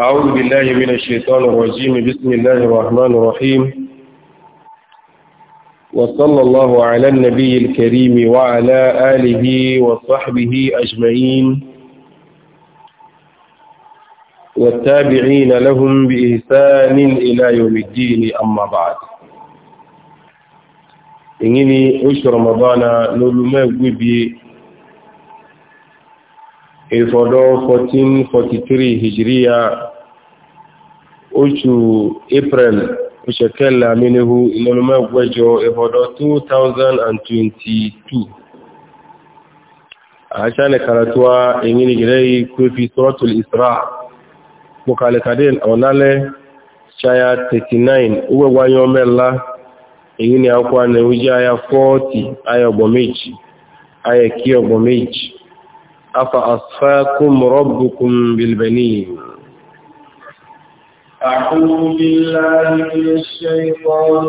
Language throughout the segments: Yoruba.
أعوذ بالله من الشيطان الرجيم بسم الله الرحمن الرحيم وصلى الله على النبي الكريم وعلى آله وصحبه أجمعين والتابعين لهم بإحسان إلى يوم الدين أما بعد إنني أشهر رمضان نلما بي ìfọ̀dọ̀ 1443 Hijriya, oṣù april oṣẹ̀kẹ́lá mínihú ìlọ́lọ́mọ́gbẹ́jọ ìfọ̀dọ̀ 2022 a ṣáàlẹ̀ karatuwa èyí ni gẹ̀rẹ́ kó fi suratul isra bukalikadin ọ̀nálẹ́ ṣaya 39 ugbẹ̀wáyọ́ mẹ́lá èyí ni a kọ́ aya 40 aya ọgbọ̀n méjì aya kí ọgbọ̀n méjì أفأصفاكم ربكم بالبنين أعوذ بالله من الشيطان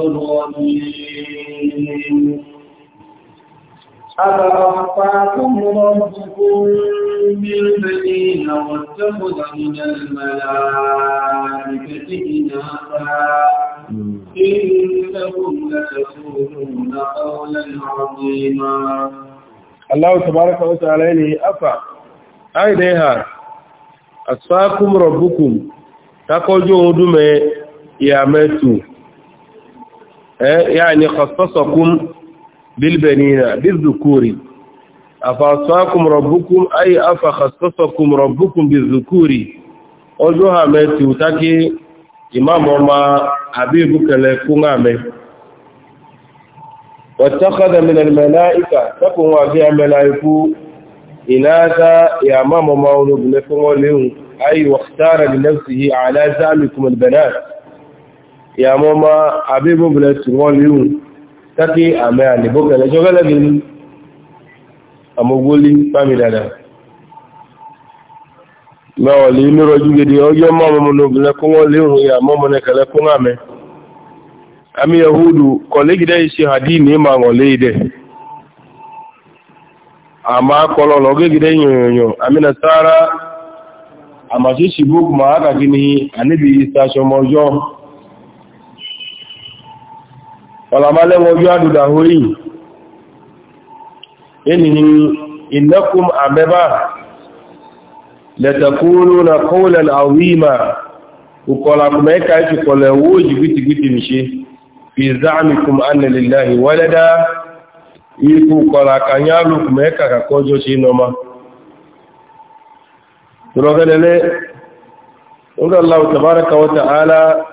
الرجيم أفأصفاكم ربكم بالبنين واتخذ من الملائكة إناثا إنكم لتقولون قولا عظيما Allah tabaraka wa ta'ala ne afa ai dai ha asakum rabbukum takojo odume ya metu eh yani khassasakum bil banina bizukuri afa asakum rabbukum ai afa khassasakum rabbukum bizukuri ojo ha metu taki imam ma abibu kale kunga metu واتخذ من الملائكة تكون فيها ملائكة إناثا يا ماما مولو بنفو لهم أي واختار لنفسه على زعمكم البنات يا ماما أبيب بنفو لهم تكي أمان بوكا لجوغل أجل أمغولي فامي دادا ما ولي نرجو جدي أجو ماما منو بنفو لهم يا ماما نكالكم أمان ami yahudu kolegide isi hadi ni ma de ama kololo gegide nyonyo ami nasara ama shishi buk ma aka gini anibi isa shomojo olamale mojo aduda hoyi enihi innakum ameba latakuluna qawlan azima ukola kumeka ikole wo jibiti biti mishi fi za'amikum anna lillahi walada iku kola kanyalu kumeka kakojo chinoma tulogelele unga Allah tabaraka wa ta'ala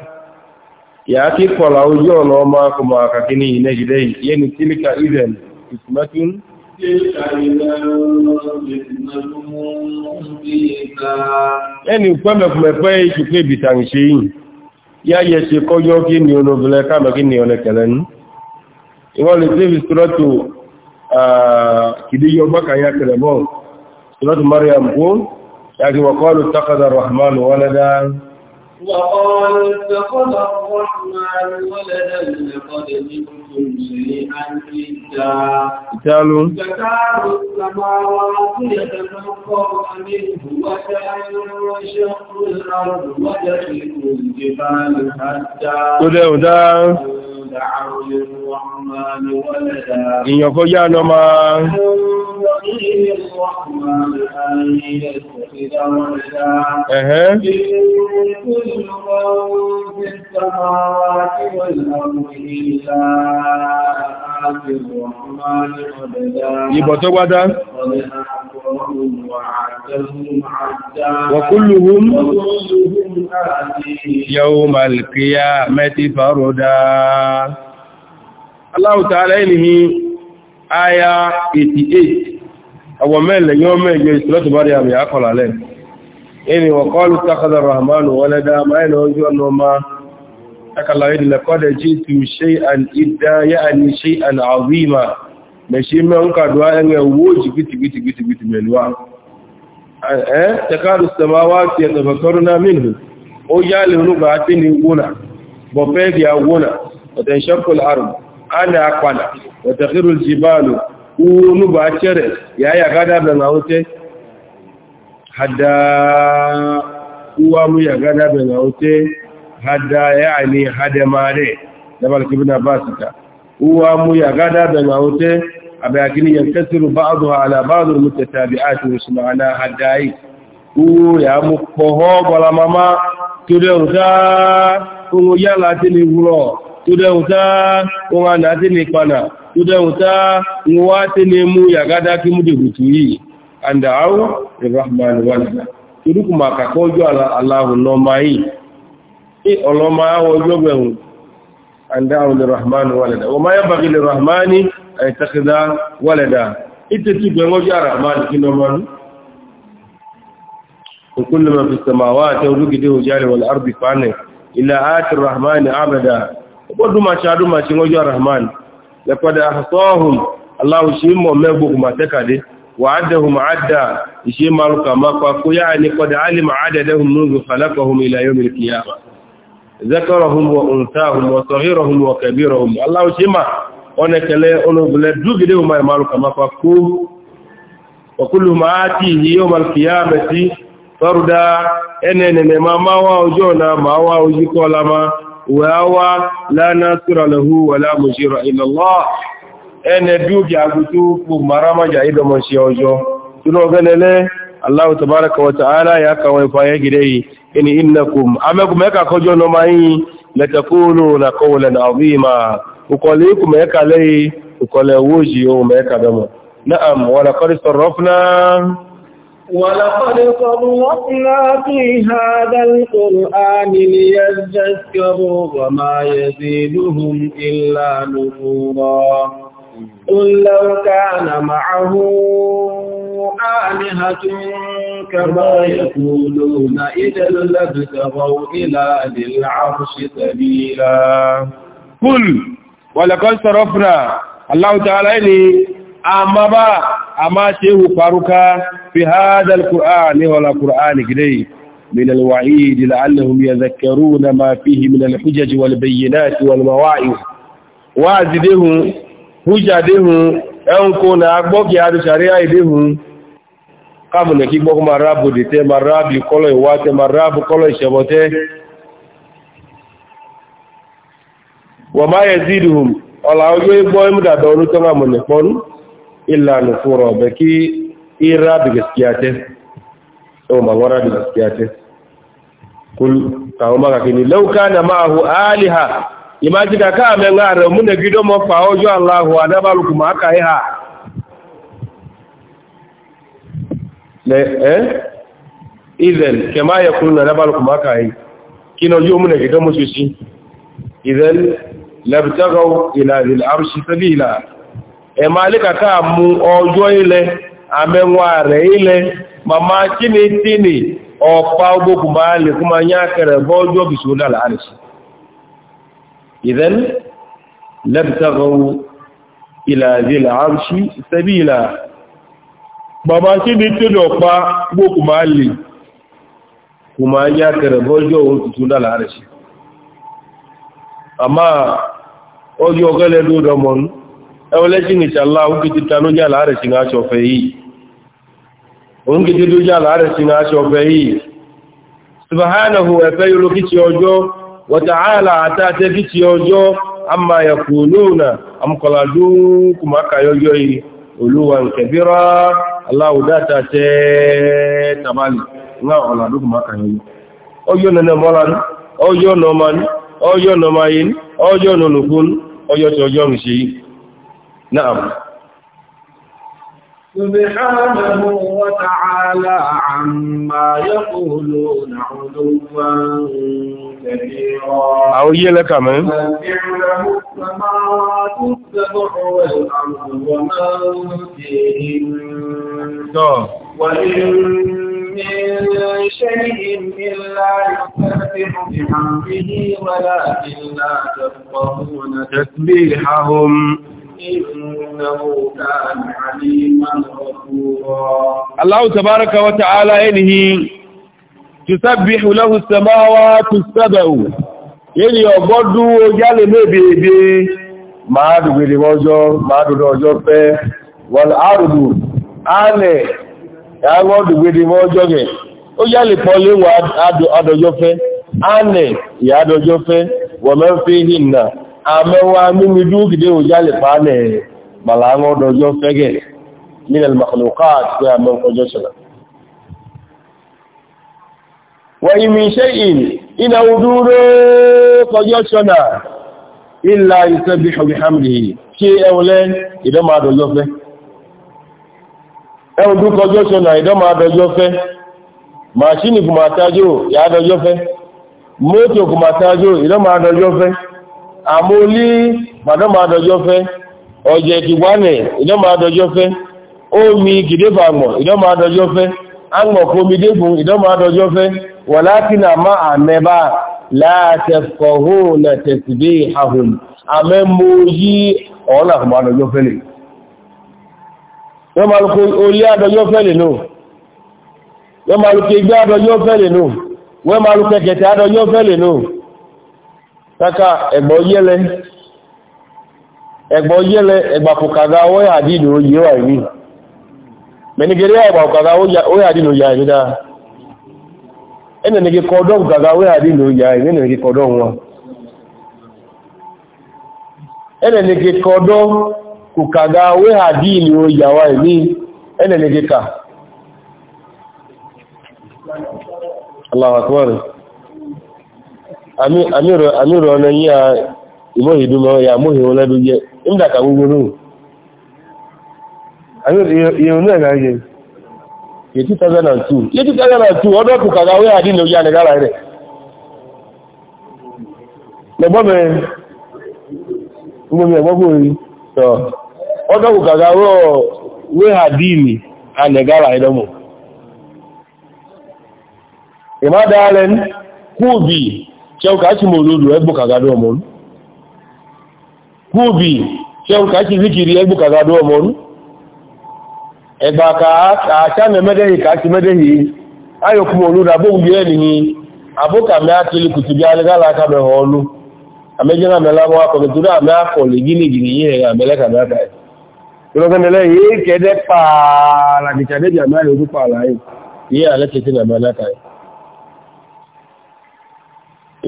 yake kola ujo noma kuma kakini ne gidei yani tilka idan ismatun ẹni pẹ́mẹ̀kùnmẹ̀pẹ́ ìṣùpé ìbìtàǹṣe yìí ya yẹ̀ṣe kọjọ́ kí ni olóbìnrin káàmà kí ni ọlẹ́kẹ̀lẹ́ ní ìwọ́n lè tí ìsìtúrọ́tù kìdíyọ bákàyà kẹrẹ̀bọ́n ìsìtúrọ́tù mariam kó yàkí wọ́kọ́lù takada rahman wọ́lẹ́dá وقالوا اتخذ الرحمن ولدا لقد جئتم شيئا إدا قالوا تكاد السماوات يتفطرن منه وتنشق الأرض وتخلق الجبال حتى Ìyànkọ́ yá lọ máa ẹ̀hẹ́. Ìbọ̀ tó wádá. وكلهم يوم القيامة فردا Allahu ta'ala ní àyà 88 àwọn mẹ́lẹ̀ yọ́ mẹ́jọ ìsìlọ́tù bá rí àmì àkọlàlẹ̀ ẹni wọ̀kọ́lù takada rahmanu wọlé dáama ẹni ojú ọ̀nà ọmọ takalawe nílẹ̀ kọ́dẹ̀ jí tu ṣe an ìdá yá àní ṣe an àwíma mẹ́ ṣe mẹ́ ń kàdùwá ọ̀tẹ̀ ṣọ́kùl àrùn ana akwala wa takhirul jibalu unu ba cere yaya gada da naute hadda uwa mu ya gada da naute hadda yani hada mare da balki ibn abbas ta uwa mu ya gada da naute abakini yankasiru ba'daha ala ba'd almutatabi'at ma'ana haddai u ya mu ko ho bala mama tude uta ku ya latini wulo tudauta kuma na tini kwana tudauta nwa tini mu ya gada ki mu dubutu yi an da au rahman walida tudu kuma ka kojo allahu no mai e oloma awo jogbeun an da au rahman walida wa ma وكل ما في السماوات وبقديه جاري والأرض فانه إلا آت الرحمن عبدا gbọ́dún máa ṣe adún máa ṣe lọ́jọ́ arahman lẹ́pẹ̀dẹ̀ àṣọ́hùn aláwọ̀ ṣe mọ̀ mẹ́gbogbo máa tẹ́kàdé wà á dẹ̀hùn máa dà ìṣe máa rúkà máa pa kó yáà ní pọ̀dẹ̀ alì máa dẹ̀dẹ̀hùn lóòrù falákọ̀hùn ilẹ̀ yóò mìlì kìyàmà zakarahum wa unsahum wa sahirahum wa kabirahum Allah shi ma ona kale ono bele wàáwá lánà síra lọ́hú wà láàmù ṣíra ìlọ́lọ́ ẹnẹ dúkì àgùtú kò maramájà ìdọmọ̀ ṣe ọjọ́ tún ọgẹ́lẹ́lẹ́ aláwọ̀ tàbárakà wata ara ya kawai fayẹ gidẹ yìí ẹni innakum amẹ́kùnmẹ́ ka kọjọ́ nọ máa yìí lẹ́tẹ̀kúrò na kọwọlẹ̀ na ọ̀bíma ukọlẹ̀ ikùnmẹ́ ka lẹ́yìn ولقد صرفنا في هذا القرآن ليذكروا وما يزيدهم إلا نفورا قل لو كان معه آلهة كما يقولون إذا لابتغوا إلى ذي العرش سبيلا قل ولقد صرفنا الله تعالى أما بعد amma shehu faruka fi hada alqur'ani wal qur'ani gidai min alwa'id la'allahum yadhakkaruna ma fihi min alhujaj wal bayyinat wal mawa'iz wa'zidehu hujadehu enko na gboki adu sharia idehu kamu ne kigbo kuma rabu de te marabi kolo iwate marabu kolo isebote wa ma yaziduhum ọ̀là ojú igbó ìmúdàdọ̀ onítọ́gbàmọ̀ nìpọ̀nù illa nufura ba ki ira da gaskiya ce yau mawara da gaskiya ce kul kawo maka kini lauka na ma'ahu aliha imaji ka ka men ga ra mun da gido mo fa ojo allah wa da balu kuma aka yi ha le eh idan kama ya kun na balu kuma aka yi kino yo mun da gido mo su shi idan labtagaw ila zil arshi sabila ema alikaka mu ọjọ́ ilẹ̀ amẹ́wọ́ rẹ̀ ilẹ̀ mama chini tini ọ̀pá ogbókun bá lè kúmọ ní akẹrẹ bọ́jọ́ bìí ṣòdá láàrin sí ìdẹ́n lẹ́bìtàkọ̀wò ìlàzílà àrùsí sẹ́bí ìlà mama chini tini ọ̀pá ogbókun bá lè kúmọ ní akẹrẹ bọ́jọ́ bìí ṣòdá láàrin sí ọjọ́ ọgẹ́lẹ́dọ́dọ̀mọ́nù ẹwọlẹ́ṣin ìṣàlá òkìtì tanújà láàrẹ̀ sí aṣọ ọ̀fẹ́ yìí òǹkìtì dújà láàrẹ̀ sí aṣọ ọ̀fẹ́ yìí subhanahu ẹ̀fẹ́ yóò lókìtì ọjọ́ wàtàhálà àtàtẹ́ kìtì ọjọ́ amma yakununa amkọladu kùmákà yọjọ́ yìí olúwa nkẹbíra aláwùdáta tẹ́ tabali ńlá ọ̀làdú ọjọ́ nana mọ́lan ọjọ́ ọjọ́ nọmayin ọjọ́ ọjọ́ tí ọjọ́ ń نعم سبحانه وتعالى عما يقولون علوا كبيرا أو لك من له السماوات السبع والأرض ومن فيهن نعم. وإن من شيء إلا يسبح بحمده ولكن لا تفقهون تسبيحهم Allah tabaraka wa ta'ala yanihi tusabbihu lahu as-samawati as-sab'u yẹni ọgbọ́dú ojálè mébèébé máa dùgbèrè ọjọ́ máa dùdọ ọjọ́ pẹ́ wọ́n àrùdù ánẹ̀ àwọn dùgbèrè ọjọ́ rẹ̀ ó yálè pọ̀ léwọ adọjọ́ amewa mimi dugide ujale pale malango dojo fege min almakhluqat ya man kojosala wa min shay'in ina uduru kojosala illa yusabbihu bihamdihi shi awlan idan ma dojo fe e udu kojosala idan ma dojo fe mashini kumatajo ya dojo fe moto kumatajo idan ma dojo fe àmúlí màdọ́màdọ́jọ́fẹ́ ọ̀jẹ̀ ìtìwánẹ̀ ìdọ́màdọ́jọ́fẹ́ omi gìdébàmọ̀ ìdọ́màdọ́jọ́fẹ́ agbọ̀kọmidégun ìdọ́màdọ́jọ́fẹ́ wọ̀láàkínà má àmẹ́bà láàtẹ̀kọ̀hóòlẹ̀ taka egbo yele egbo yele egba kukaga wo ya di do yi wa ni me ni gere egba kukaga wo ya o ya di no ya ni da ene ni ge ko do kukaga wo ya di no ya ni ni ge ko do won ene ni ge ko do kukaga wo ya di ene ni ge ka amiro na yi a imohi dumo ya amohi wala duje inda ka gugu nu amiro iyo nu ga ye ye 2002 ye 2002 odo ku ka ga we adi no ya ne gara re le bo me ngo mi bo gori to odo ku ga wo adi ni ane gara re mo imada alen cewuka ci moludu egbu kagado omonu kubi cewuka ci zikiri egbu kagado omonu egba ka acha na emedehi ka achi medehi ayoku moludu abo ubi enihi abo ka me atili kutubi aligala aka meha olu ameje na mela nwa akọ nítorí àmì akọlù gíní gíní yìí ẹ̀yà mẹ́lẹ́kà mẹ́ta ẹ̀ ìrọ̀gẹ́nẹ̀lẹ́ yìí kẹ́ẹ̀dẹ́ pààlà nìkàdébì àmì àyè ojú pààlà yìí yìí àlẹ́kẹ̀ẹ́ sí àmì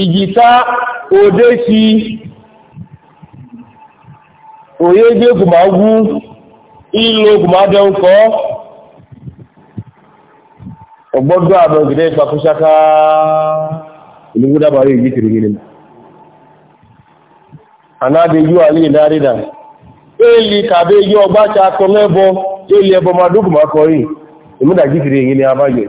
ìjìta òdé sí òye gbé kùmà gú ìlò kùmà dẹun kọ́ ọgbọ́dọ̀ àmọ́ ìgbẹ̀dẹ̀ ìpàkúṣáká ìlúgbọ́dàbàrí ìjì tìrì gíní anádejú àlè ìdárìdà èlì kàbé yọ ọgbáṣà akọ mẹ́bọ èlì ẹbọ madókùmá kọrin ìmúdàjí tìrì gíní abájọ́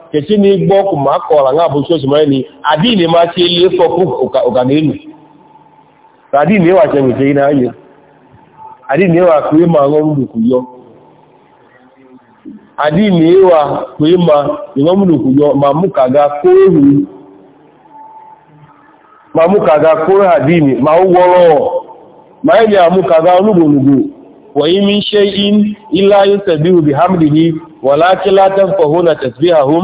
keke na igbo ọkụ ma akọwara na abụchi osimiri adịghị machi elu fọpụ ọganilu adịghị ewa chemite ị na-anya adịghị ewa kwe ma ṅụọ mruku yọ adịghị ewa kwe ma ṅụọ mruku yọ ma mụ ka ga kóoru ma mụ ka ga kóoru adịghị ma ụgwọrọ ma ị ga-amụ ka ga onugbolugbo وإن من شيء إلا يسبه بحمده ولكن لا تنفهون تسبيحهم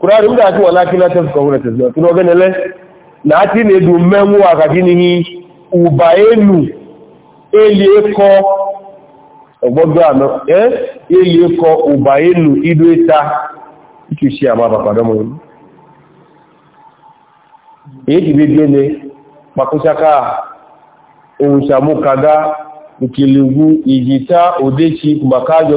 kurari wuda ti wala kila ta suka wuna tasbiya tuno gane le na ti ne du memu wa kaki ni hi uba elu eli eko ogbodo ano eh eli eko uba elu idu e ti bebe ne pakusaka ohun samu kaga ikiligu ijita odechi kumakajo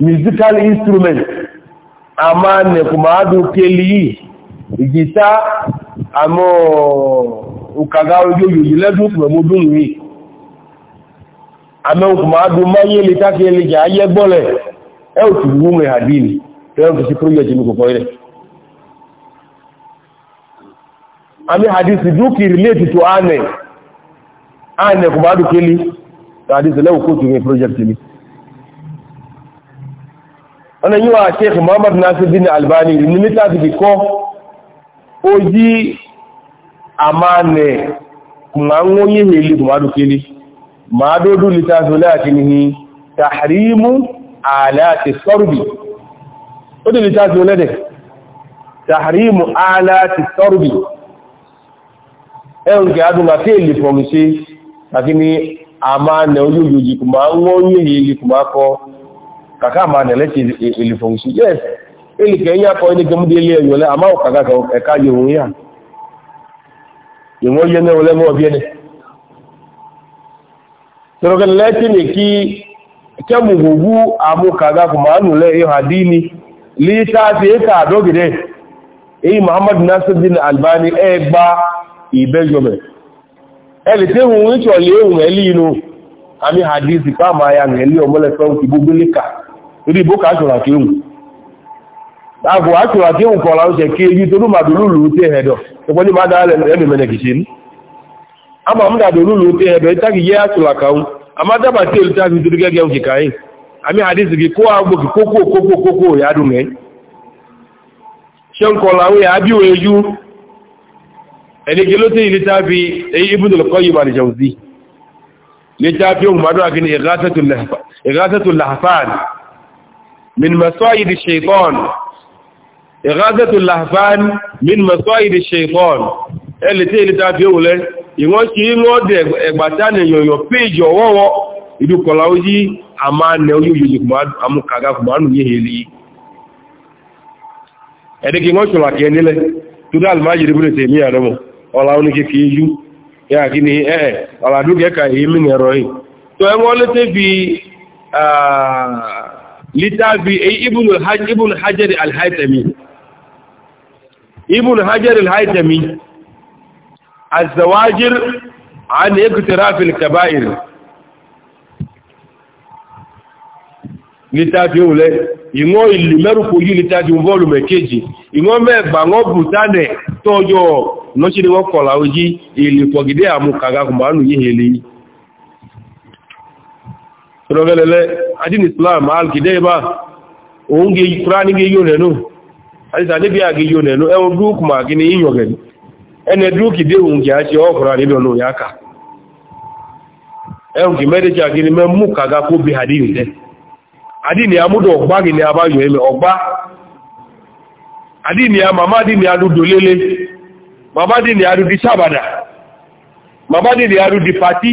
musical instrument ama nekumaadu keli gita amo ukaga ojo yoyi ledu pẹ̀lú dùn rí àmọ́ nekumaadu máyé lè tákì lè jẹ́ ayé gbọ́lẹ̀ ẹ ò tún wú mẹ́ àdínì tẹ́lẹ̀ tó sí project relate to anẹ̀ anẹ̀ kòmáàdù keli hadith lẹ́wọ̀ kó tún ọ̀nà yíwa sheikh muhammad nasiruddin albani ní mítàtí fi kọ́ ó yí àmànẹ̀ ma ń wọ́n yíhe ilé tòmádù kele ma dódú lítàtí láti ní tàhrímù aláti sọ́rùbì ó dì lítàtí olẹ́dẹ̀ tàhrímù aláti sọ́rùbì ẹ̀rùn kí adùn àti èlè fọ̀mù ṣe àti ní àmànẹ̀ ojú òjòjì kùmà ń wọ́n yíhe ilé tòmá kọ́ kaka ma na lake ilifongsu yes ili ka nya ko ni gamde ile yole ama o kaka ka ka ye hun ya ìwọ́n yẹ náà ni ki ẹni tọ́rọ̀kẹ́ lẹ́tí ní kí kẹ́mù gbogbo àmúkàgá kò máa nùlẹ̀ ihò àdíní lítà sí ẹ̀kà àdọ́gìdẹ̀ èyí muhammad nasiruddin albani ẹgbà ìbẹ́jọmẹ̀ ẹlì tí hùn ń ṣọ̀lẹ̀ ehùn ẹ̀lì inú àmì hadith pàmà ya nẹ̀lẹ́ ọmọlẹ́fẹ́ torí ìbókà àṣọ̀rà kéhùn láàbò àṣọ̀rà kéhùn kan láwọn ṣe kéhù tó ló máa dòrú lòó tẹ́ ẹ̀dọ̀ ẹgbọ́n ní máa dáa lẹ́nu mẹ́nẹ̀ kìí ṣe ní àmà àmúdà dòrú lòó tẹ́ ẹ̀dọ̀ ìtàkì yẹ́ àṣọ̀rà káhùn àmà dábà tí èlú tàbí torí gẹ́gẹ́ òkè káyìn àmì àdísì kí kó àgbò kí kókó kókó kókó ìyádùn mẹ́ ṣe ń kọ láwọn ìyá bí òun ejú ẹnìkí من مصائد الشيطان إغاثة اللهفان من مصائد الشيطان ẹlẹ̀ tí ìlítà fi òun lẹ́ ìwọ́n ṣe ń lọ́dẹ̀ ẹgbàtánì yọ̀yọ̀ péjì ọwọ́wọ́ ìdúkọ̀lá ojí a máa nẹ ojú yìí àmúkàgà kùmánù yìí hèlì ẹ̀dẹ́kì wọ́n ṣùlọ àkẹ́ nílẹ̀ tó dá alìmájì rí búrẹ̀tẹ̀ ní àrẹ́mù ọlá oníkèkè yú yáà kí ni ẹ̀ẹ̀ ọ̀làdúgẹ́ka èyí mìíràn ẹ̀rọ yìí tó ẹwọ́n lé littafi ibn hajjar al-haitami ibn hajjar al-haitami azawajir an iktirafil kaba'ir littafi ule ìwọ́n ìlú mẹ́rùkú yìí littafi vọ́ọ̀lù mẹ́kejì ìwọ́n mẹ́gbà wọ́n bùtánẹ̀ tọ́jọ́ lọ́ṣí ni wọ́n kọ̀lá ojí ìlú pọ̀gidẹ́ àmúkàgà kùnbánù yìí hèlè adin islam alkidai ba òun ge kúránì ge yóò nẹ̀nú àti sàdébí àge yóò nẹ̀nú ẹwọ dúkù máa gíní yíyàn gẹ̀ẹ́ni ẹni dúkì dé òun kì á ṣe ọkùnrin níbi ọ̀nà òyàkà ẹwùn kì mẹ́rẹ́jì àgíní mẹ́mú kàga kó bí àdínì tẹ́ àdínì amúdọ̀ ọ̀gbá gíní abáyọ̀ ẹ̀mẹ̀ ọ̀gbá àdínì màmá dínì adúdò lélé màmá dínì adúdì sábàdà màmá dínì adúdì pàtí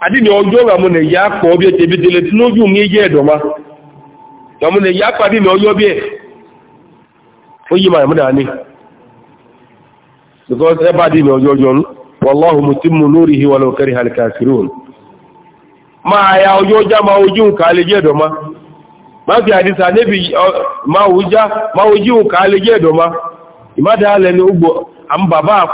adini ọjọ́ ga mụ na ya akpa ọbịa tebetele n'oge ụmụ ihe edoma ga mụ na ya akpa dị na onye ọbịa oyi mara mụ na because ebe adị na ọjọ́ ọjọ́ wallahu mutimmu nurihi walau kariha alkafirun ma ya ọjọ́ ọjọ́ ma ojú nka alejẹ edoma ma fi hadisa nebi ma oja ma ojú nka alejẹ edoma ìmádà alẹ́ ni ó gbọ́ àmì bàbá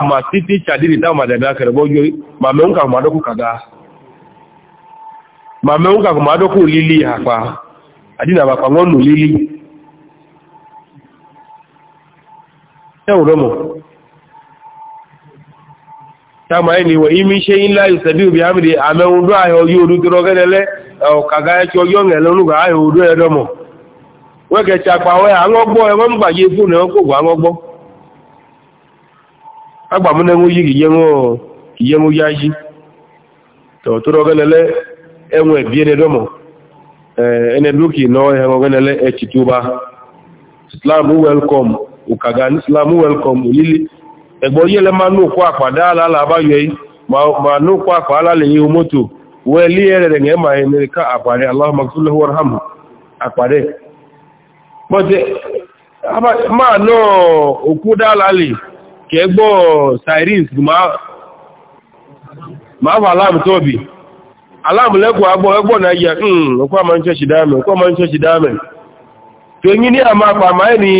ma menwu ka agụmadụkwa olili ha kpa adịna lili. nwụọ na olili enwere ụmụ kama anyị na-iwe ime ihe ila anyị sebi obi ha mere ahịa oyi orutere ogelele ka ga eche oyi na ele onugo ahịa oru edomo wekecha akpa wee aṅụgbọ enwe mgbanye efu na enwekwu bụ aṅụgbọ agba m na enwe oyi ga iyenwu ji tọtụrụ enwe biene domo eh, ene luki no hengo genele e chituba islam welcome ukagan islam welcome ulili egbo yele manu kwa pada ala la baye manu kwa kwa ala le yumoto weli ere nge ma ene ka apare allah maghfirlahu warhamhu apare bote aba ma no okuda lali kegbo sirens ma ma wala mtobi aláàmùlẹ́kùn agbọ́ ẹgbọ́n náà yẹ ǹkọ́ hmm, ma ń dáàmì ǹkọ́ ma ń ṣẹ́ṣì dáàmì tó yí ní àmà àpàmà ẹ̀ ni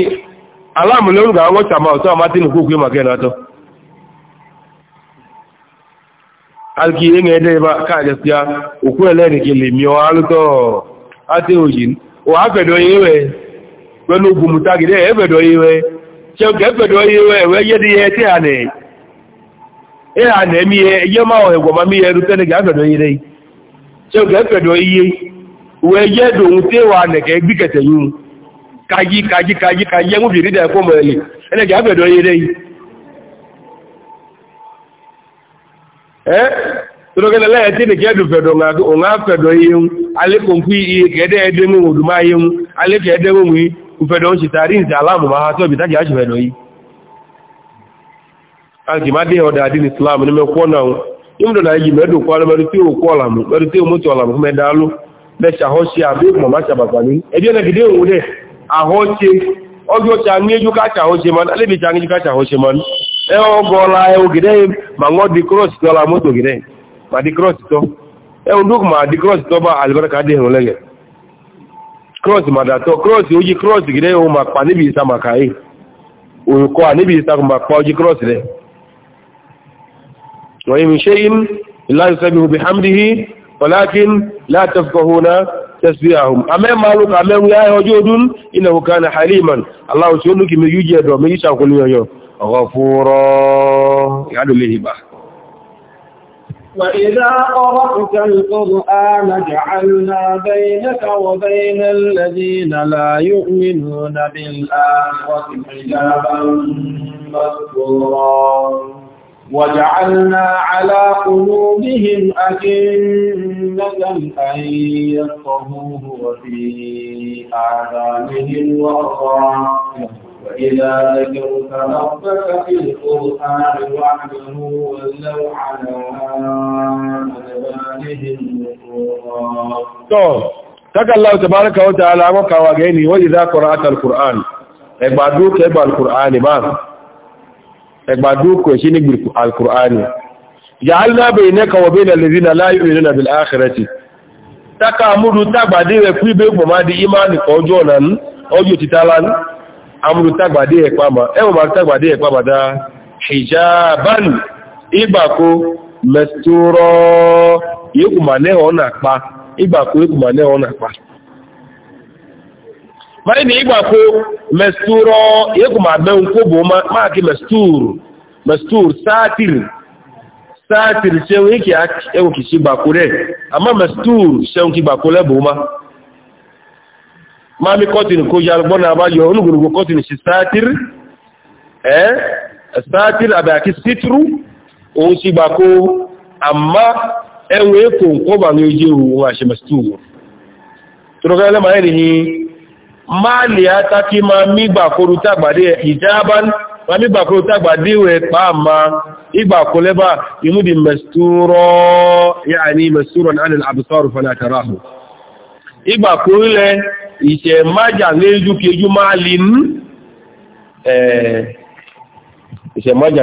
aláàmùlẹ́kùn àwọn tàmà ọ̀tọ́ àmátínú kókó màkẹ́ nàtọ́ alki yẹn ẹ̀dẹ́ bá káàkiri òkú ẹlẹ́nìkì ọ ẹ̀yẹ́ máa máa mí tẹ́lẹ̀gì ṣẹ́gbẹ̀ẹ́kẹ̀dọ̀ iye wẹ́ yẹ́dò ohun tí wà nẹ̀kẹ́ gbíkẹ̀tẹ̀ yìí kají kají kají kají ẹmú bìí rídà ẹ̀kọ́ mọ̀ẹ̀lì ẹlẹ́gẹ̀ àgbẹ̀dọ̀ iye rẹ̀ yìí ẹ́ tọ́lọ́gẹ́lẹ́ lẹ́yẹ̀ tí nìkẹ́ ẹ̀dù iye ń alẹ́kọ̀ọ́kú iye kẹ́ẹ̀dẹ́ ẹdẹ́mú òdùmá iye ń alẹ́kẹ́ ẹdẹ́mú mi ìfẹ̀dọ̀ ń ṣìta rí ìsẹ̀ aláàmù máa tọ́ ibi tájì àṣìfẹ̀dọ̀ imdo na yi medu kwa bari ti o kwa lamu bari ti o mo ti o lamu me dalu be sha ho shi abi mo ma sha baba ni e bi na gide o de a ho che ojo cha ni ju ka cha ho che man ale bi cha ni ka cha ho che man e o go la e o gide ma ngo di cross to la mo to gide ma di cross to e o ma di cross to ba al baraka de ho lege cross ma da to cross o ji cross gide o ma pa ni bi sa ma kai e. o ko ani bi sa ma pa o ji cross le وإن من شيء لا يسبه بحمده ولكن لا تفقهون تسبيعهم أمام مالوك أمام لا يوجود إنه كان حليما الله سيولك من يجيب ومن يسعى كل يوم غفورا يعد له بحث وَإِذَا قَرَأْتَ الْقُرْآنَ جَعَلْنَا بَيْنَكَ وَبَيْنَ الَّذِينَ لَا يُؤْمِنُونَ بِالْآخِرَةِ حِجَابًا مَّسْتُورًا وجعلنا على قلوبهم أكنة أن يفقهوه وفي آذانهم وقرا وإذا ذكرت ربك في القرآن وحده ولوا على أدبارهم نفورا Taka Allah ta baraka wata alamaka wa gani wa za ku ra'atar Kur'an, ai ba duka ba al kurani ba ẹgbàdó kò ṣe ní gbìrìkù alkùránì ja'alna baynaka wa bayna alladhina la yu'minuna bil akhirati taka amúrú tàgbàdé rẹ̀ e kú ibé pọ̀má di imani kan ọjọ́ ọ̀nà ní ọjọ́ títàlá ní amúrú tàgbàdé ẹ̀ e pàmà ẹwọ̀n máa e tàgbàdé ẹ̀ pàmà dá hijaban ìgbàkó mẹ́tòrọ̀ yíkùmà náà ọ̀nà pa ìgbàkó mana na ịgbakwo mesturo egwumabe nkwobo maki mestur mestur satir satir ike e gbakwure ama mestur bụ ma mami kọtin kó ya lọ́gbọ́n náà bá yọ kọtin satir ẹ́ eh, satir àbẹ̀kí sítírù òun sì gbàkó àmá ẹwẹ́ kò ń mestur ma máàlì àtàkì ma mígbàkoro tàgbàdé ìjábán ma mígbàkoro tàgbàdé rẹ̀ pàmà ìgbàkólẹ́bà ìmúdi mẹ́sùrọ̀ yàní mẹ́sùrọ̀ ní àdìl àbùsọ̀rù fanàtàráhù ìgbàkórílẹ̀ ìṣẹ̀ májà léjú kejú máàlì ní ìṣẹ̀ májà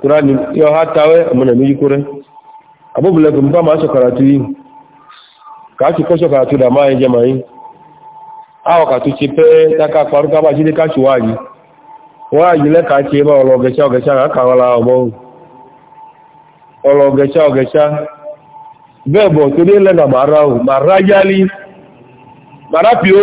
kurani yo hatawe amana miji kure abubule kumpa maso karatu yi ka ti koso karatu da mai je mai awo ka tu ti pe ta ka paru ka ba jide ka ti waji waji le ka ti ba olo gecha ogecha ka wala obo olo gecha ogecha bebo to de le na mara o mara yali mara pio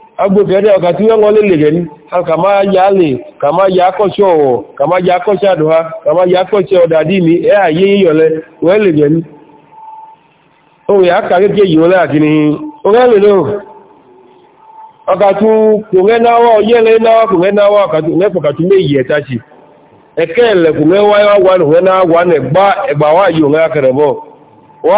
agbófinrẹ́dẹ́ ọkà tí wọ́n lè lè rẹ̀ ní kàmá ya lè kàmá ya kọ́ṣẹ́ ọ̀wọ̀ kàmá ya kọ́ṣẹ́ àdùhá kàmá ya kọ́ṣẹ́ ọ̀dàdí ní ẹ àyè yíyọ̀lẹ́ wọ́n lè rẹ̀ ní ohun ya kà kéèké yìí wọlé àti ní ọ̀rẹ́ lè lò ọkà tó kùnrẹ́ náwọ́ yẹ́lẹ́ náwọ́ kùnrẹ́ náwọ́ ọkàtú méjì ẹ̀ta ṣe ẹ̀kẹ́ ẹ̀lẹ̀ kùnrẹ́ wáyé wá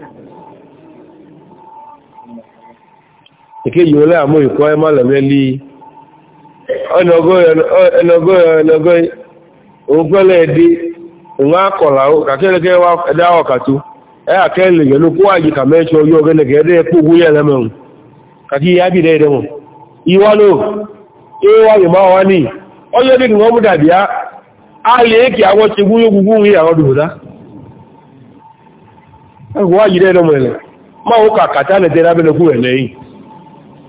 ike yi ole amụ iko ẹ mala meli ọnọgo ọnọgo e ọnọgo e ogbele edi nwa akọla kakeleke wa ede awọ ẹ akẹlẹ yẹnu kó àyè kàmẹ ẹtsọ yọ ọgẹlẹ gẹdẹ kpogbo yẹ lẹmọ kàkí yẹ abi dẹ dẹmọ iwalo ewa yẹ ma wani ọyọ dẹ nìwọ mu dàbí a alẹ eke awọ tsi gbúyó gbúgbú ń yẹ awọ dùbò dá ẹwọ àyè dẹ dẹmọ yẹ wọ kàkàtà dẹ dábẹ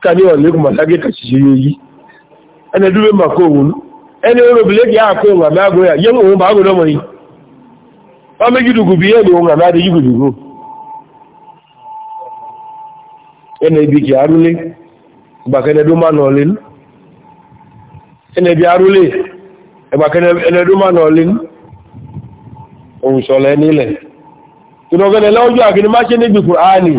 kani wanne kuma sage ka ci yoyi ana dube ma ko wun ene ro bile ya ko ma ba go ya yin o ba go do mo yi ba me gidu gubi ya do ma ba de yugo dugo ene bi ki arule ba ka ne do ma no lin ene bi arule e ba ka ne ene àkíní má ṣe níbi kùránì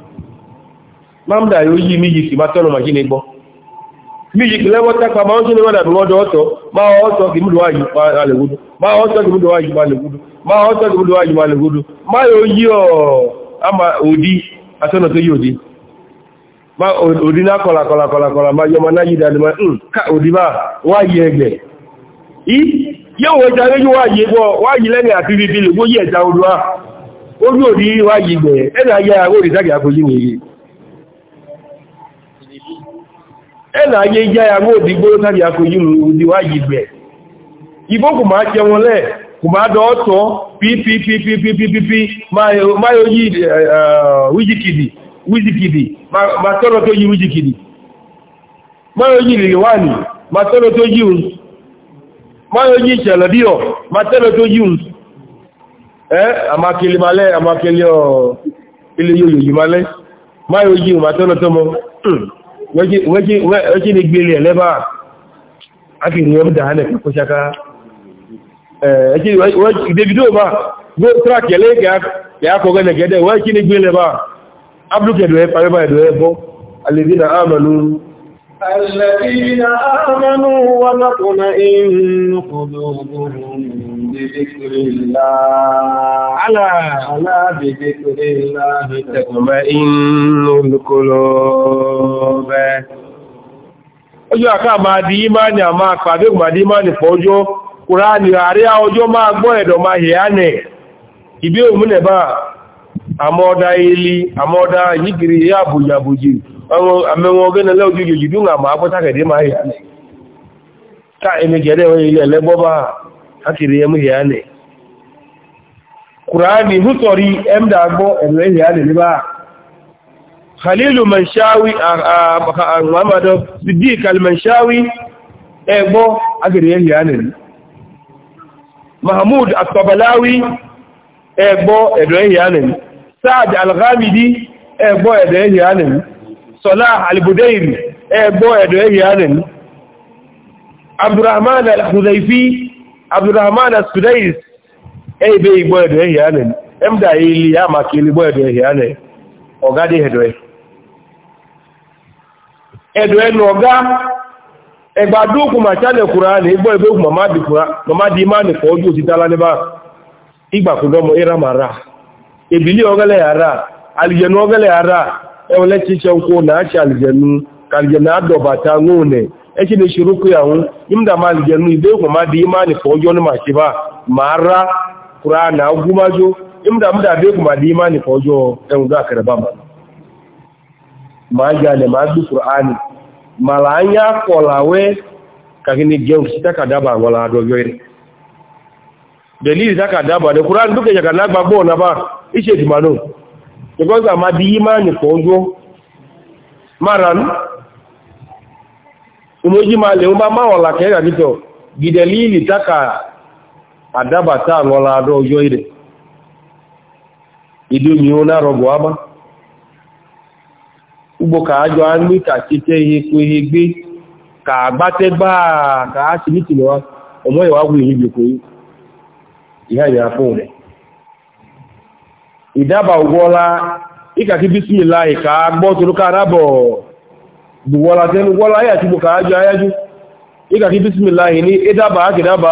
mamda yo yi mi yiki matolo makine gbo mi yiki lewo ta pa ma o sele wada bi wodo oto ma o so ki mudo ayi pa le gudu ma o so ki mudo ayi pa le gudu ma o so ki mudo ayi pa le gudu ma yo yi o ama odi atono to yodi ma odi na kola kola kola kola ma yo mana yi dadi ma mm ka odi ba wa yi egbe i yo wo jare ju wa yi gbo wa yi leni ati bibi le wo yi eja odua ojú òdí wáyé gbẹ̀ẹ́ ẹ̀dà ayé àwọn òrìṣàgbà kò yí nìyí e na-aga ije ya gwa odigboro tabia yìí ụdị wajibe igbo kwụmakenwele kwụmada ọtọ pipipipipipip maya oyi wizikidi wizikidi ma ma ma ọ ma ma wẹ́kí ni gbèrè ẹ̀lẹ́bà ákìrí ọmọ dáhánẹ̀ kò ṣaká davido ba go track ẹ̀lẹ́ ya kọ̀gẹ́ nẹ̀gẹ́dẹ̀ wẹ́kí ni na bá abúlùkẹ̀dù ẹ parí báyìí الذين آمنوا قلوبهم بذكر الله ألا ألا بذكر الله تطمئن القلوب ọjọ́ àkàmà di ìmáni àmà àkàdé ìgbàdé ìmáni fọ́ ọjọ́ kùránì àrí ọjọ́ máa gbọ́ ẹ̀dọ̀ máa hìyànẹ̀ ìbí òmìnẹ̀ bá àmọ́ọ̀dá ilé àmọ́ọ̀dá yíkiri yábùjàbùjì àmẹ́wọn ọgẹ́nẹ̀lẹ́ ojú jòjì dùn àmà agbọ́tàkẹ̀dẹ́ máa hìyànẹ̀ Kùránì hútọ̀rí ẹmdà gbọ́ ẹ̀rọ ẹ̀yà lè ní bá. Khalilu Manshawi Muhammadu Siddiq al-Manshawi ẹgbọ́ agìrì ẹ̀yà lè ní. Mahmud At-Tabalawi ẹgbọ́ ẹ̀rọ ẹ̀yà lè ní. Saad Al-Ghamidi ẹgbọ́ ẹ̀rọ ẹ̀yà lè ní. Salah Al-Budairi ẹgbọ́ ẹ̀rọ ẹ̀yà ebe igbo edo ehi anị emda ili ya maka iligbo edo ehi ane ọga dị edo ehi edo enu ọga ẹgbàdú òkú màtí ànẹ̀kùrá ní igbó ẹgbẹ́ òkú màmá di máa nìkọ̀ ojú òtítà lánibá ìgbàkùnlọ́mọ ìràmàrà ịra ọgẹ́lẹ̀ ara alìjẹ̀nú ọgẹ́lẹ̀ ara ẹwọlẹ́ ṣíṣẹ́ ńkó náàṣì alìjẹ̀nú kàlìjẹ̀nú àdọ̀bàtà ńóònẹ̀ ẹṣí lè ṣerúkú àwọn ìmdàmà alìjẹ̀nú ìdé òkú màmá ma ara. Kùránà ogúnmájó, ìmúdàmúdà bí kùmà dí máa nìfọ́ ọjọ́ ẹ̀rùn dá kẹrẹbà mà. Máa jalè máa gbé Kùránì, màlá ń yá kọ̀láwẹ́ kàkíní jẹun sí tákàdábà àwọn àdọ́jọ́ rẹ̀. Dẹ̀líì tákàdábà ní Kùránì tó kẹjàkà lágbàgbọ́ ọ̀nà bá iṣẹ́ ìdìmọ̀ náà. Ìgbọ́gbà máa di máa nìfọ́ ọjọ́ márùn-ún. Ìmójí máa lè ń bá máa ọ̀là kẹ́rẹ̀ àdìtọ̀, gìdẹ̀líì tákàdábà adabata aṅụla ada ọjọ ire idomiwo na arọ bụ agba ugbo ka ajọ anụ ka chete ihe kwu ihe gbe ka agbata gbaa ka a simiti na ọmọghị wa gwụ ihe jikwa ihe anyị afọ ụlọ ìdábà wọ́lá ìkàkí bísmìlá ìkà gbọ́ torúká rábọ̀ bùwọ́lá tẹ́nu wọ́lá ayàtí bùkà ájú ayájú ìkàkí bísmìlá ìní ìdábà ákìdábà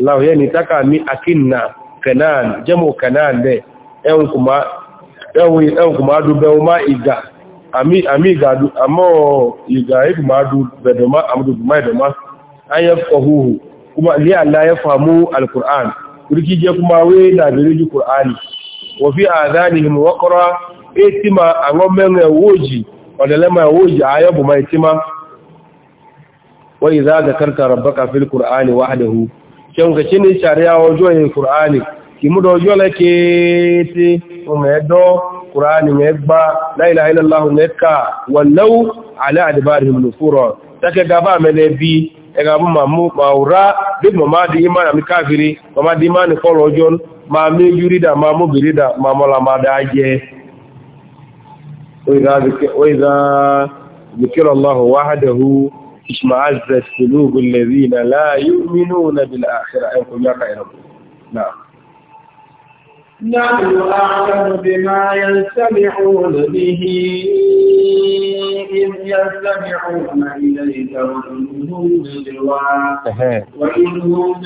láwọn yẹ́ ni tákà ní akínà kanáàn jẹ́mù kanáàn bẹ́ ẹun kùmá dù bẹ́ ọmá ìgà àmì ìgà àmọ́ ìgà ìkùmá dù bẹ̀dọ̀má àmúdùgbùmá ìdọ̀má ayẹ́ fọ̀húhù kuma lè aláyẹ́ fàmú alkùrán turki jẹ́ kuma wé dàbírí jù kùránì wọ̀fí àdánihim wọ́kọ́rọ́ ètìmá àwọn mẹ́rin ẹ̀wọ́jì ọ̀dẹ̀lẹ́mọ̀ ẹ̀wọ́jì ayọ́bùmá ìtìmá wọ́n ìzá zakarta rabbaka fil kùránì ṣeun kẹ̀ṣẹ́ ní ṣàríà ọjọ́ ìyìn kùránì kì mú dọjọ́ lẹ́kẹ́ẹ́tẹ́ ọmọ ẹ̀dọ́ kùránì mẹ́gbá la ilaha illallah mẹ́ka wallaw ala adbarihim nufura tẹ́kẹ́ gaba mẹ́lẹ́ bí ẹgbà mú màmú màúrá bí màmá di imán àmì káfìrí màmá di imán kọ́rọ̀ ọjọ́ máa mú yúrídà máa وإذا ذكر الله وحده اشمعزت قلوب الذين لا يؤمنون بالآخرة أنكم أيوة، يا خيرهم نعم نحن أعلم بما يستمعون به إذ يستمعون إليك وإن هم نجوى وإن هم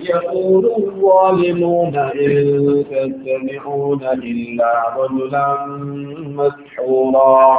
يقول الظالمون إن تستمعون إلا رجلا مسحورا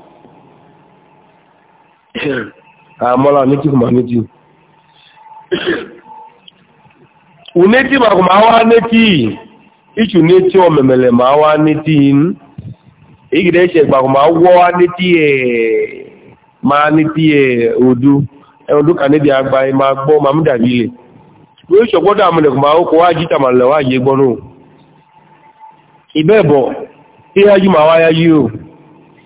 Ah, mọ́lá native humanity uneti maka ma neti ichu neti ma awa neti igide eche gbakwa ma agwọ neti ma neti eh, eh, odu ẹ̀rọ̀dún kan níbi àgbà ìmá gbọ́ ma mú dàbí ilẹ̀ lórí ṣọ̀gbọ́dọ̀ àmúlẹ̀kùnmá ma wá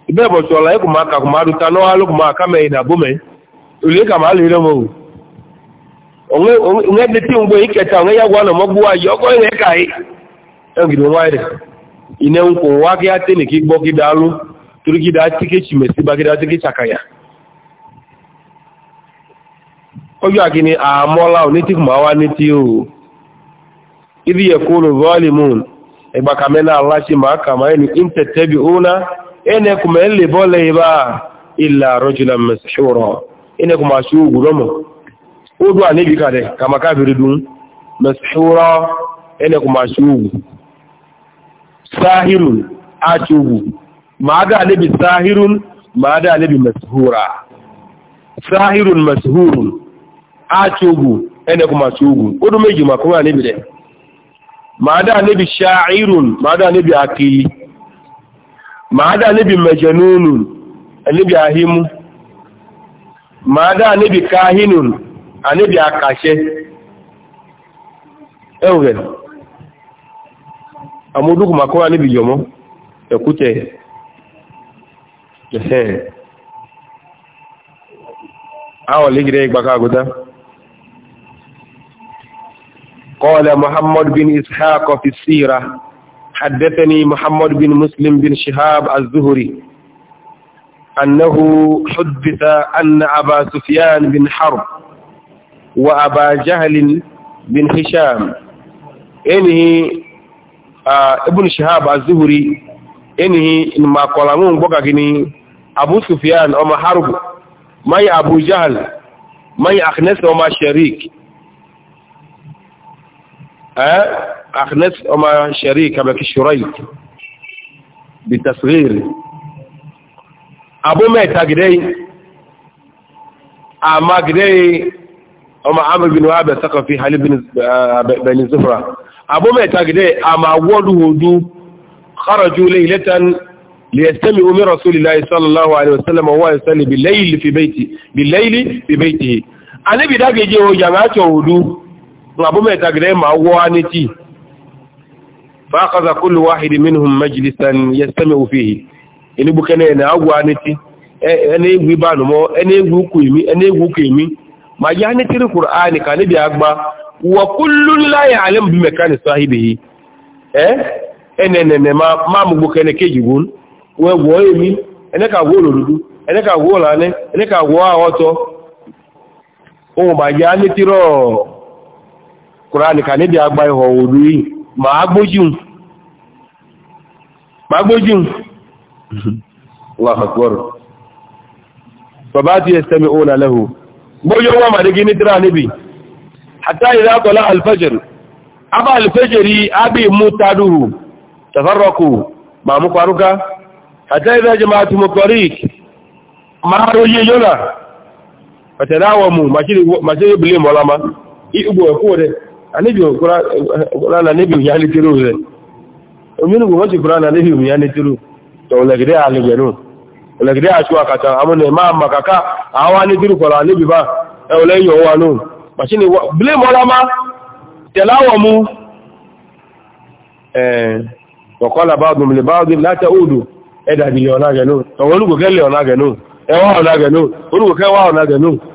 ibe bọchị ọla ịkụ maka kụmarụta n'ọhalụ kụma aka meghị na abụme olie ka ma alịre m owu onwe dịtị mgbe iketa onwe ya gwa na mọgbụ nwaanyị ọkọ ihe ka anyị egiri nwaanyị ine nkwụ nwa gị atị na ka ịgbọ gị daalụ tụrụ gị daa tike chi mesi ba gị daa tike chaka ya ọjọ́ àkíní àmọ́lá onítìkù máa wá ní tí ó ibi yẹ kúrò vọ́ọ̀lì mún ẹgbàkàmẹ́ náà aláṣẹ máa kàmáyé ní ìntẹ̀tẹ́bì ó ene kuma ele bole ba illa rajulan mashura ene kuma shi gudomo odu anibi kade kama kafiri dun mashura ene kuma shi ugu sahirun atugu ma da anibi sahirun ma da anibi mashura sahirun mashurun atugu ene kuma shi ugu odu meji ma kuma anibi de ma da anibi sha'irun ma da anibi akili máa dá níbi mẹ̀jẹ̀núnù níbi àhímú máa dá níbi káhínù níbi àkàṣẹ ẹ̀wẹ̀ àmúdúkù makọ́wà níbi yọmọ́ ẹ̀kútẹ̀ ẹ̀sẹ̀ àwọn lẹ́gìrẹ́ ìgbàkàgúta قال محمد بن إسحاق في السيرة حدثني محمد بن مسلم بن شهاب الزهري أنه حدث أن أبا سفيان بن حرب وأبا جهل بن هشام إنه آه ابن شهاب الزهري إنه ما قلمون بقاكني أبو سفيان أما حرب ماي أبو جهل ماي أخنس وما شريك Akhnas ọmọ Sharik abẹ́kí Shuraik bí tasiriri abúmẹ́ta gidẹ́ àmà gidẹ́ ọmọ Amr bin Wahab Saqafi Halil bin Zuhra abúmẹ́ta gidẹ́ àmà wọ́dúwọ́dú kharaju laylatan ليستمعوا من رسول الله صلى الله عليه وسلم وهو يصلي بالليل في بيته بالليل في بيته أنا بدأ يجي وجماعته ودو abu mai tagire ma wa ni ci fa kaza kullu wahid minhum majlisan yastami'u fihi ini bukene na agwa ni ci e, ene egwu banu mo ene egwu ku imi ene egwu ku imi ma ya ni tiri qur'ani ka ni bi agba wa kullu la ya'lamu bi makani sahibihi eh ene ne ne ma ma mu bukene kejigun we wo emi ene ka wo loludu ene ka wo lane ene ka wo awoto ohun ba ya ni tiro kùránì kà níbi àgbà ìhọ̀ òru yìí màá gbójúùn màá gbójúùn wàhàkọ́rọ̀ bàbá ti ẹ̀sẹ̀mì òun àlẹ́hù gbójú wọn màá dígí ní tíra níbi àtà ìdákọ̀lá alfajir abá alfajir yìí ábí mú tadúrù tafarraku màá mú kwaruka àtà ìdájẹ́ máa tún mú kọrík máa róyé yọ́nà pẹ̀tẹ̀dáwọ̀ mú màṣírí bìlẹ̀ mọ́lámá ìgbò ẹ̀kú rẹ̀ anabi kurana anabi ya ni tiro re ominu go wati kurana anabi ya ni tiro to la gide ale gero ma makaka awa ni tiro kola anabi ba e blame ola ma telawo eh wa qala ba'dhum li ba'd la ta'udu eda bi yona geno to wolu go gele e wa ona geno wolu go ke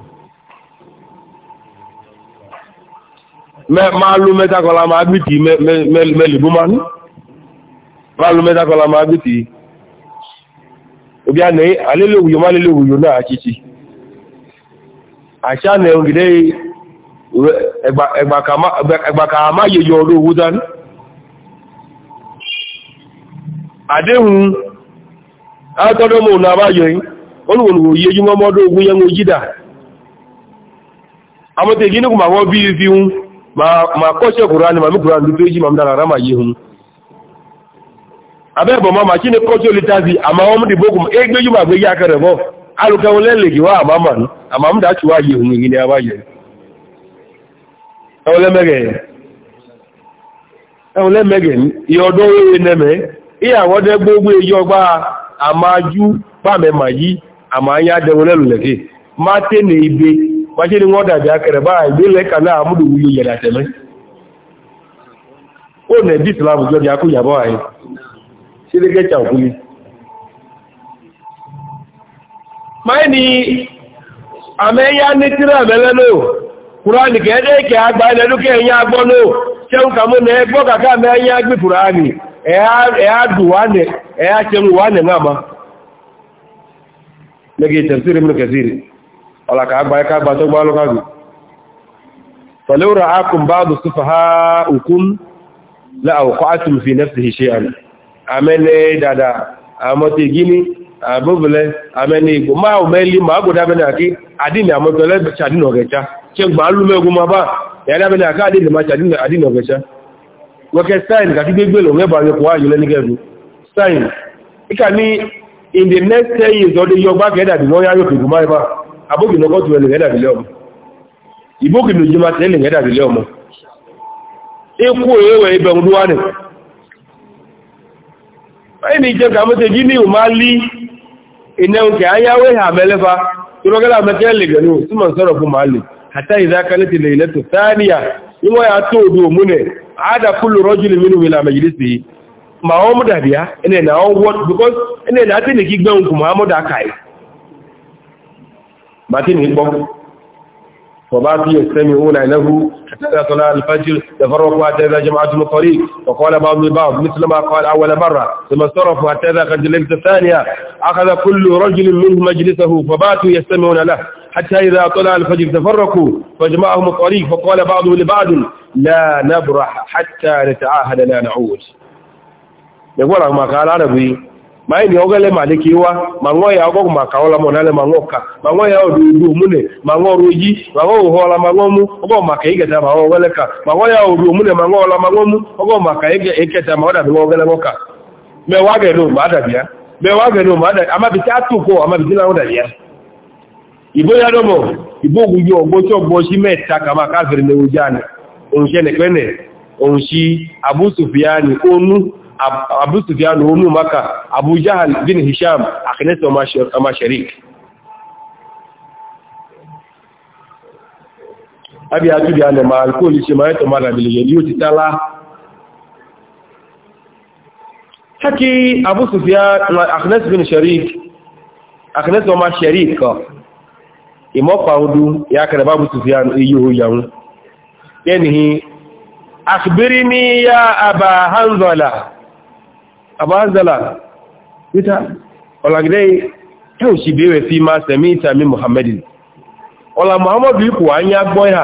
máa ló mẹ́tàkọ́lá máa gbé tí mẹ́lìbú máa ní máa ló mẹ́tàkọ́lá máa gbé tí obi àná alélòwòyò máa lélòwòyò náà àkíkí àṣà nà ògìdẹ́ ẹgbàkà máa yẹyọ ọdún owó dání àdéhùn átọ́dọ́mọ̀ náà bá yọ yìí olùwòlùwò yẹjú mọ́mọ́dún ogun yẹn ń ojídà àmọ́tẹ̀gínìkùn àwọn bí i fi ń ma kọ́ṣẹ́ kùránì ma mú kùránì ló tó yí ma mú dára ma yé ma ma kí ni kọ́ṣẹ́ olítàzí àmà ọmọ dìbò kùn égbé yí ma gbé yá kẹrẹ bọ́ alùkẹ́wọ́ lẹ́lẹ̀kì wá àmà mà ní àmà mú dáa tíwá yé hun ìgbìnì abáyẹ ẹwọlẹ́mẹ́gẹ̀ ní ọdọ́ orí nẹ́mẹ́ ìyàwọ́dẹ́ gbogbo èyí ọgbà àmà ajú pàmẹ́mà yí na ibe wáṣẹ́ ni wọ́n dàbí akẹrẹ báyìí ìgbélẹ̀ kan náà amúdù wúlò yẹ̀dà tẹ̀lẹ́ ó nẹ̀ bí ìsìlámù jọ́ di akúyàbọ̀ àyè ṣe lé gẹ́ta òkú ni máa ní àmẹ́yà ní tíra mẹ́lẹ́lò kùránì kẹ́ẹ́dẹ́ kẹ́ àgbà ẹlẹ́lúkẹ́ ẹ̀yà agbọ́nò ṣẹ́un kàmú ní ẹgbọ́ kàkà mẹ́yà gbé kùránì ẹ̀yà dùwánẹ̀ ẹ̀yà ṣẹ́un wánẹ̀ ọ̀làkà àgbà ẹka àgbà tó gbá lọ́kàgbì tọ̀lẹ́wòrán ákùn bá dùn súnfà ha òkun láàwọ̀kọ́ átùm fi nẹ́fẹ̀ ṣe àmì àmẹ́lẹ́ dada àmọ́tẹ̀ gíní àbúbulẹ̀ àmẹ́lẹ́ ìgbò máa ò mẹ́lí máa gbọ́dá bẹ́ẹ̀ àkí àdínì àmọ́tọ̀lẹ́ ṣàdínà ọ̀gẹ̀ṣá ṣe gbà á lúmẹ́gun máa bá yàrá bẹ́ẹ̀ àká àdínì máa ṣàdínà ọ̀gẹ̀ṣá wọ́kẹ́ sáìn kàtí gbégbé lò mẹ́bà ní kò wáyé lẹ́ní gẹ́gẹ́ sáìn ìkà ní in the next 10 years ọdún yọgbá kẹ́ẹ̀dà bí wọ́n yá yóò fègùn máa abókìnà kọ́ tu ẹnìyàn dàbí lẹ́ọ̀mọ́ ìbókìnà jẹ́ máa tẹ́ ẹnìyàn dàbí lẹ́ọ̀mọ́ ikú èèwẹ̀ ibẹ̀ ń dúwà nì ẹni jẹ́ kàmọ́tẹ̀ jí ní ìmá lí ìnẹ́ǹkẹ̀ ayáwé àmẹ́lẹ́fà tó rọ́gẹ́lá mẹ́tẹ́ lè gẹ̀nú súnmọ̀ sọ́rọ̀ máa lè àtà ìzákanẹ́tì lè ilẹ̀ ya tó odò múnẹ̀ àádàkúlù rọ́jùlù mínú wìlà mẹ́jìlísì ma wọ́n mú dàbíá ẹni ẹ̀nà wọ́n because ẹni ẹ̀nà àti nìkí gbẹ̀hùn kùmọ̀ àmọ́dà kàì باتين ní فبات يستمعون له حتى طلع الفجر تفرقوا حتى إذا جمعتهم الطريق وقال بعض البعض مثل ما قال أول مرة ثم صرف حتى إذا قد جلست الثانية أخذ كل رجل منهم مجلسه فباتوا يستمعون له حتى إذا طلع الفجر تفرقوا فجمعهم الطريق فقال بعضهم لبعض لا نبرح حتى نتعاهد لا نعود يقول ما قال عربي ma ni ogele ma de kiwa ma ngo ya ogo ma ka ola monale ma ngoka ya odu du mune ma ngo ruji ma hola ma mu ogo ma ka igeta ma ogele ka ma ya odu mune ma ngo ola mu ogo ma ka ige iketa ma oda ngo ogele ngoka me wa ge no ma da bia me wa ge no ma da ama bi ta tu ko ama bi dila oda bia ibo ya do mo ibo gu yo ogbo ti ogbo si meta ka ma ka fere ne ujane on ne pene on abu sufiani onu abu sufyan ronu maka abu jahal bin hisham akhinas ma sharik abi atu bi ana ma alcohol se ma to mara bi le yo ti tala haki abu sufyan akhinas bin sharik akhinas ma sharik imo paudu ya kada abazala peter ọlagide ya òṣìbí rẹ̀ fi máa tẹ̀mí ìtàmí muhammadin ọlá muhammadu ikú anya gbọ́ ya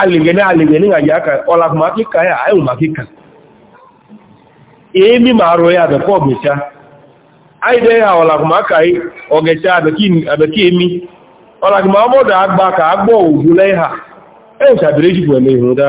alìgẹ̀ni alìgẹ̀ni àjẹ́ aka ọlá kùmákíkà ya ayùn makíkà Emi ma rọ ya àbẹ̀kọ́ ọ̀gbẹ̀ṣá àìdẹ́ ya ọlá kùmákà ọ̀gẹ̀ṣá àbẹ̀kí ka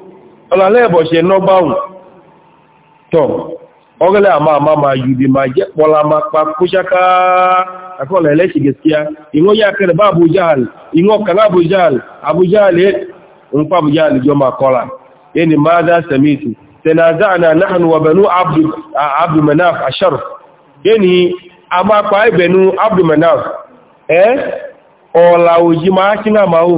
ọ̀làlẹ́ ẹ̀bọ̀ṣẹ̀ nọ́báhùn tọ́ ọgọ́lẹ̀ àmà àmà máa yùdì máa jẹ́ pọ́lá máa pa kó ṣáká àkọọ̀lẹ̀ ẹlẹ́ṣì gẹ̀ẹ́sìá ìwọ́n yá kẹrẹ̀ bá àbújáàlì ìwọ́n kàlá àbújáàlì àbújáàlì ń pa àbújáàlì jọ máa kọ́lá ẹni máa dá sẹ̀mìtì tẹ̀nàzáàna náhàn wàbẹ̀nú abdulmanaf ashar ẹni a máa pa ẹbẹ̀nú abdulmanaf ẹ́ ọ̀là òjì máa kí náà máa hù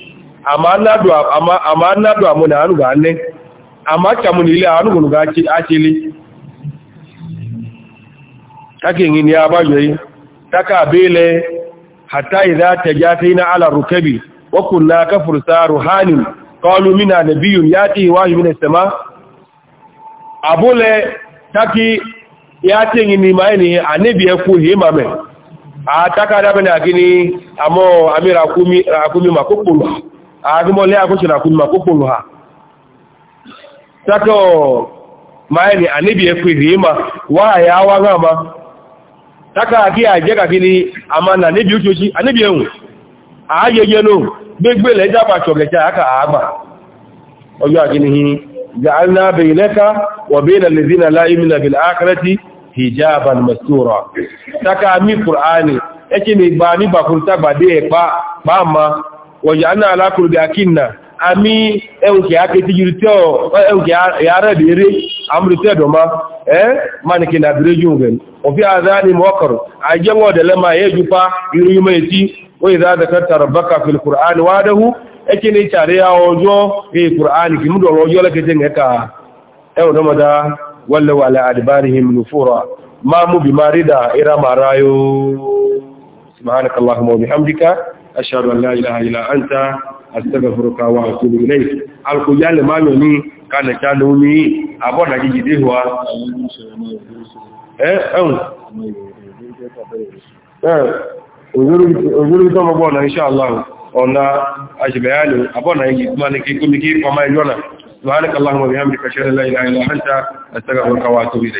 amma nadu amu na hannu ga hannun amma kyamun ile a hannu ga akili takin yin ya bajo yi taka bele hatta idza tajatina ala rukabi wa kunna kafursa ruhanin qalu mina nabiyyun yati wahyu min as-sama abule taki yatin yin mai ne annabi ya ku hima mai a taka da bana gini amo amira kumi akumi agụmọle akụchi na akwụma kpụkpụrụ ha takamayịrị anabi ekweghị ịma nwaanyị awa gha ama taka agị aje ka gịnị ama na anabi uchechi anabi enwu ajejeno gbegbele ẹjá bàtọ̀ gẹ̀ẹ́ aka àgbà ọjọ́ àjínihi wọ̀yánà alákùnrin akínà àmì ẹ̀hùnkẹ̀ akẹtìjìrì tí ẹ̀hùnkẹ̀ yàrá ìdèrè àmúrítẹ́ ẹ̀dọ̀má ẹ́ mánìkì nà bèrè jù rẹ̀ òfin àzá ni mọ́kàrọ̀ àjẹ́wọ̀ dẹ̀lẹ́mà ẹ̀yẹ́júpa irúyúmọ̀ etí ó ìzá zakatar baka fil qur'an wadahu ẹkí ni ìtàrí ọjọ́ ẹ̀ qur'an kì múdọ̀ ọjọ́ lẹ́kẹtẹ̀ ẹ̀ka ẹ̀wọ̀n dọ́mọdá wọ́lẹ̀wà أشهد أن لا إله إلا أنت أستغفرك وأتوب إليك القيال ما يوني كان كانوني أبونا جيده هو eh ehun eh ojúrú tó mọ́ bọ́ọ̀nà inṣáàlá ọ̀nà àṣìbẹ̀yàlù àbọ̀nà yìí tó máa ní kí kúmí kí ọmọ ìlú ọ̀nà tó hálẹ́kàlá ọmọ ìhàmì kàṣẹ́rẹ́lẹ́ ìlànà àṣẹ́gbẹ̀rẹ̀ kawà tó rí rẹ̀